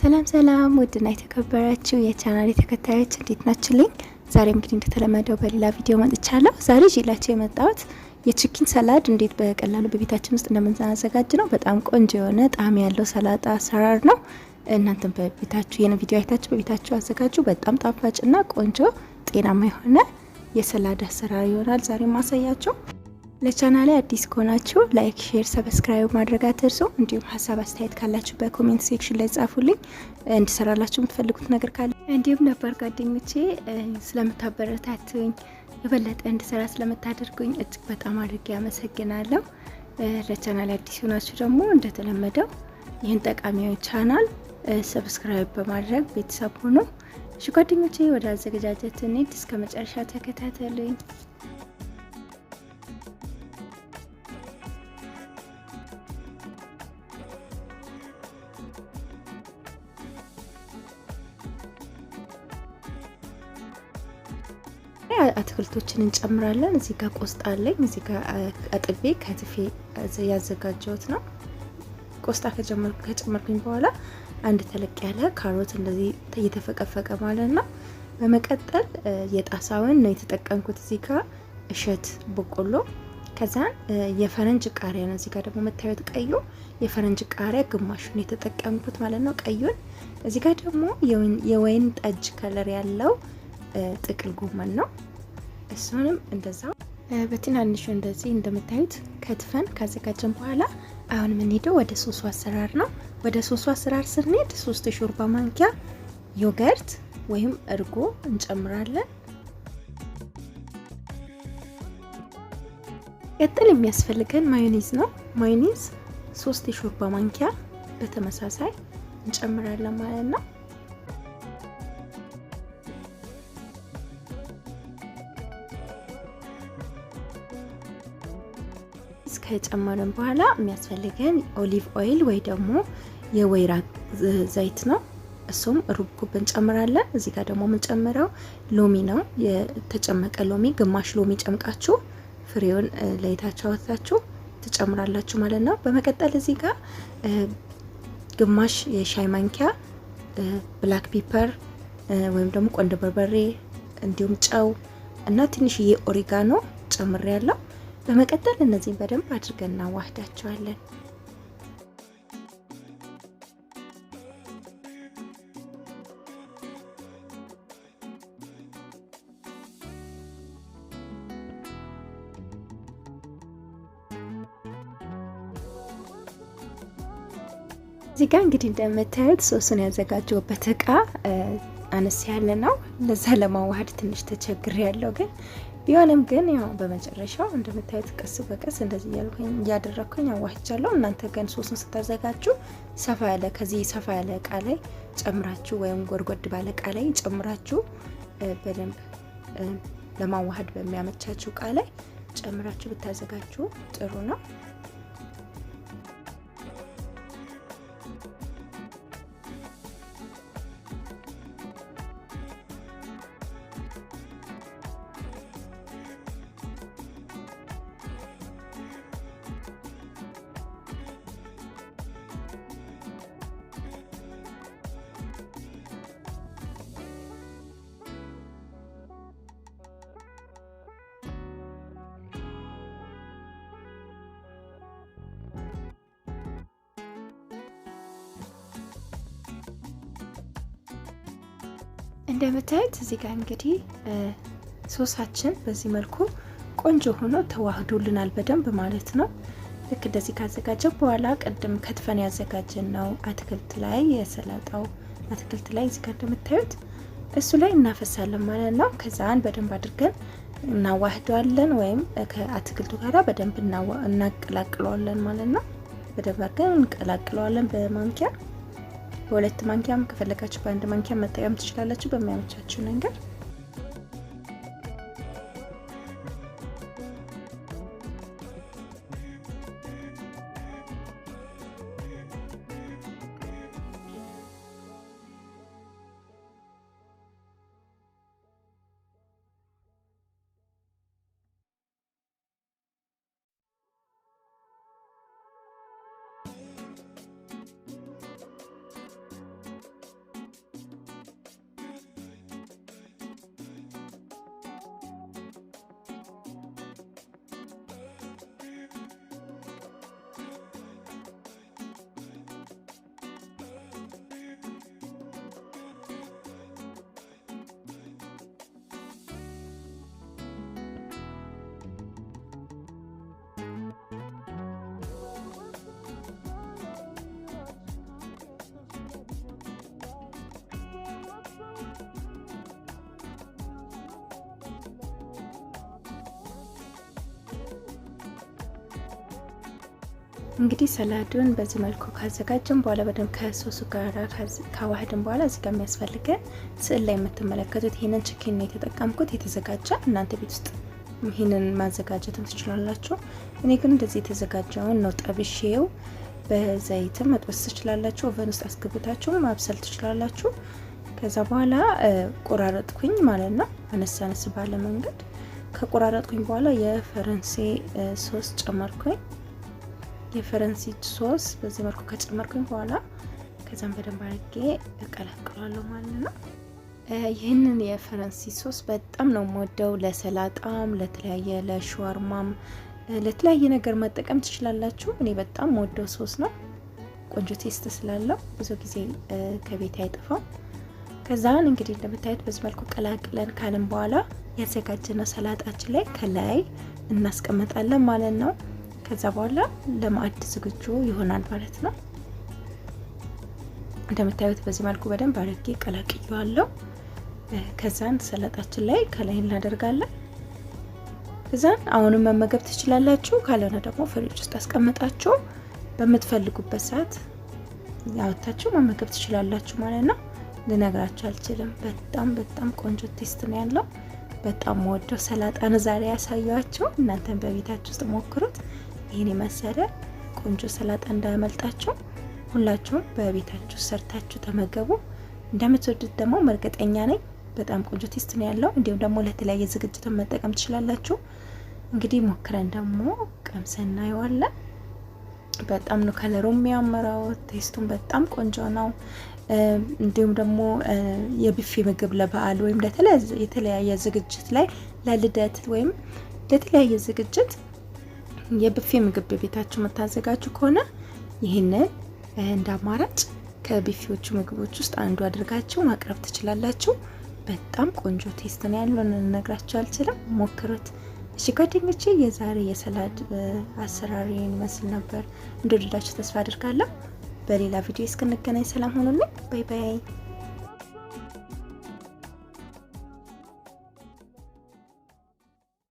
ሰላም ሰላም፣ ውድና የተከበራችሁ የቻናል ተከታዮች እንዴት ናችሁልኝ? ዛሬ እንግዲህ እንደተለመደው በሌላ ቪዲዮ መጥቻለሁ። ዛሬ ይዤላችሁ የመጣሁት የችኪን ሰላድ እንዴት በቀላሉ በቤታችን ውስጥ እንደምናዘጋጅ ነው። በጣም ቆንጆ የሆነ ጣዕም ያለው ሰላጣ አሰራር ነው። እናንተም በቤታችሁ ይህን ቪዲዮ አይታችሁ በቤታችሁ አዘጋጁ። በጣም ጣፋጭና ቆንጆ ጤናማ የሆነ የሰላድ አሰራር ይሆናል ዛሬ ማሳያቸው። ለቻናሌ አዲስ ከሆናችሁ ላይክ፣ ሼር፣ ሰብስክራይብ ማድረግ አትርሱ። እንዲሁም ሀሳብ አስተያየት ካላችሁ በኮሜንት ሴክሽን ላይ ጻፉልኝ። እንድሰራላችሁ የምትፈልጉት ነገር ካለ እንዲሁም ነባር ጓደኞቼ ስለምታበረታትኝ የበለጠ እንድሰራ ስለምታደርጉኝ እጅግ በጣም አድርጌ አመሰግናለሁ። ለቻናል አዲስ ሆናችሁ ደግሞ እንደተለመደው ይህን ጠቃሚ ቻናል ሰብስክራይብ በማድረግ ቤተሰብ ሆኖ እሺ ጓደኞቼ፣ ወደ አዘገጃጀት እንሂድ። እስከ መጨረሻ ተከታተሉኝ። አትክልቶችን እንጨምራለን። እዚህ ጋር ቆስጣ አለኝ። እዚህ ጋር አጥቤ ከትፌ ያዘጋጀሁት ነው። ቆስጣ ከጨመርኩኝ በኋላ አንድ ተለቅ ያለ ካሮት እንደዚህ እየተፈቀፈቀ ማለት ነው። በመቀጠል የጣሳውን ነው የተጠቀምኩት። እዚህ ጋር እሸት በቆሎ፣ ከዛን የፈረንጅ ቃሪያ ነው። እዚህ ጋር ደግሞ መታየት ቀዩ የፈረንጅ ቃሪያ ግማሹን የተጠቀምኩት ማለት ነው፣ ቀዩን። እዚህ ጋር ደግሞ የወይን ጠጅ ከለር ያለው ጥቅል ጎመን ነው። እሱንም እንደዛ በትናንሹ እንደዚህ እንደምታዩት ከትፈን ካዘጋጀን በኋላ አሁን የምንሄደው ወደ ሶሱ አሰራር ነው። ወደ ሶሱ አሰራር ስንሄድ ሶስት የሾርባ ማንኪያ ዮገርት ወይም እርጎ እንጨምራለን። ቀጥል የሚያስፈልገን ማዮኔዝ ነው። ማዮኔዝ ሶስት የሾርባ ማንኪያ በተመሳሳይ እንጨምራለን ማለት ነው። ከጨመረን በኋላ የሚያስፈልገን ኦሊቭ ኦይል ወይ ደግሞ የወይራ ዘይት ነው። እሱም ሩብ ኩብ እንጨምራለን። እዚህ ጋር ደግሞ የምንጨምረው ሎሚ ነው። የተጨመቀ ሎሚ፣ ግማሽ ሎሚ ጨምቃችሁ ፍሬውን ለይታችሁ አውጥታችሁ ትጨምራላችሁ ማለት ነው። በመቀጠል እዚህ ጋር ግማሽ የሻይ ማንኪያ ብላክ ፒፐር ወይም ደግሞ ቆንደ በርበሬ እንዲሁም ጨው እና ትንሽዬ ኦሪጋኖ ጨምሬ ያለው በመቀጠል እነዚህን በደንብ አድርገን እናዋህዳቸዋለን። እዚህ ጋር እንግዲህ እንደምታዩት ሶሱን ያዘጋጀውበት እቃ አነስ ያለ ነው። ለዛ ለማዋሃድ ትንሽ ተቸግር ያለው ግን ቢሆንም ግን ያው በመጨረሻው እንደምታዩት ቀስ በቀስ እንደዚህ እያልኩኝ እያደረግኩኝ አዋህቻለሁ። እናንተ ግን ሶስን ስታዘጋጁ ሰፋ ያለ ከዚህ ሰፋ ያለ እቃ ላይ ጨምራችሁ ወይም ጎድጎድ ባለ እቃ ላይ ጨምራችሁ በደንብ ለማዋሃድ በሚያመቻችሁ እቃ ላይ ጨምራችሁ ብታዘጋጁ ጥሩ ነው። እንደምታዩት እዚህ ጋር እንግዲህ ሶሳችን በዚህ መልኩ ቆንጆ ሆኖ ተዋህዶልናል በደንብ ማለት ነው። ልክ እንደዚህ ካዘጋጀ በኋላ ቅድም ከትፈን ያዘጋጀን ነው አትክልት ላይ የሰላጣው አትክልት ላይ እዚህ ጋር እንደምታዩት እሱ ላይ እናፈሳለን ማለት ነው። ከዛን በደንብ አድርገን እናዋህደዋለን ወይም ከአትክልቱ ጋር በደንብ እናቀላቅለዋለን ማለት ነው። በደንብ አድርገን እንቀላቅለዋለን በማንኪያ በሁለት ማንኪያም ከፈለጋችሁ በአንድ ማንኪያም መጠቀም ትችላላችሁ በሚያመቻችሁ ነገር እንግዲህ ሰላዱን በዚህ መልኩ ካዘጋጀን በኋላ በደንብ ከሶሱ ጋራ ካዋህድን በኋላ እዚህ ጋር የሚያስፈልገን ስዕል ላይ የምትመለከቱት ይህንን ችኪን ነው የተጠቀምኩት። የተዘጋጀ እናንተ ቤት ውስጥ ይህንን ማዘጋጀትም ትችላላችሁ። እኔ ግን እንደዚህ የተዘጋጀውን ነው ጠብሼው። በዘይትም መጥበስ ትችላላችሁ። ኦቨን ውስጥ አስገብታችሁ ማብሰል ትችላላችሁ። ከዛ በኋላ ቆራረጥኩኝ ማለት ነው፣ አነስ አነስ ባለ መንገድ ከቆራረጥኩኝ በኋላ የፈረንሴ ሶስ ጨመርኩኝ። የፈረንሲች ሶስ በዚህ መልኩ ከጨመርኩኝ በኋላ ከዛም በደንብ አድርጌ እቀላቅላለሁ ማለት ነው። ይህንን የፈረንሲ ሶስ በጣም ነው የምወደው። ለሰላጣም፣ ለተለያየ ለሸዋርማም፣ ለተለያየ ነገር መጠቀም ትችላላችሁ። እኔ በጣም የምወደው ሶስ ነው። ቆንጆ ቴስት ስላለው ብዙ ጊዜ ከቤት አይጠፋም። ከዛን እንግዲህ እንደምታዩት በዚህ መልኩ ቀላቅለን ካልን በኋላ ያዘጋጀነው ሰላጣችን ላይ ከላይ እናስቀምጣለን ማለት ነው። ከዛ በኋላ ለማዕድ ዝግጁ ይሆናል ማለት ነው። እንደምታዩት በዚህ መልኩ በደንብ አድርጌ ቀላቅየዋለሁ። ከዛን ሰላጣችን ላይ ከላይ እናደርጋለን። ከዛን አሁንም መመገብ ትችላላችሁ። ካልሆነ ደግሞ ፍሪጅ ውስጥ አስቀምጣችሁ በምትፈልጉበት ሰዓት ያወታችሁ መመገብ ትችላላችሁ ማለት ነው። ልነግራችሁ አልችልም። በጣም በጣም ቆንጆ ቴስት ነው ያለው። በጣም ወደው ሰላጣ ዛሬ ያሳየኋችሁ። እናንተን በቤታችሁ ውስጥ ሞክሩት። ይህን የመሰለ ቆንጆ ሰላጣ እንዳያመልጣቸው ሁላችሁም በቤታችሁ ሰርታችሁ ተመገቡ። እንደምትወዱት ደግሞ እርግጠኛ ነኝ። በጣም ቆንጆ ቴስት ነው ያለው። እንዲሁም ደግሞ ለተለያየ ዝግጅት መጠቀም ትችላላችሁ። እንግዲህ ሞክረን ደግሞ ቀምሰን እናየዋለን። በጣም ነው ከለሩ የሚያምረው። ቴስቱን በጣም ቆንጆ ነው። እንዲሁም ደግሞ የቢፌ ምግብ ለበዓል ወይም የተለያየ ዝግጅት ላይ ለልደት ወይም ለተለያየ ዝግጅት የብፌ ምግብ በቤታችሁ የምታዘጋጁ ከሆነ ይህንን እንደ አማራጭ ከብፌዎቹ ምግቦች ውስጥ አንዱ አድርጋችሁ ማቅረብ ትችላላችሁ። በጣም ቆንጆ ቴስት ነው ያለው፣ ልነግራችሁ አልችልም። ሞክሩት። እሺ ጓደኞቼ፣ የዛሬ የሰላድ አሰራሪ ይመስል ነበር። እንደወደዳችሁ ተስፋ አድርጋለሁ። በሌላ ቪዲዮ እስክንገናኝ ሰላም ሆኑልኝ። ባይ ባይ።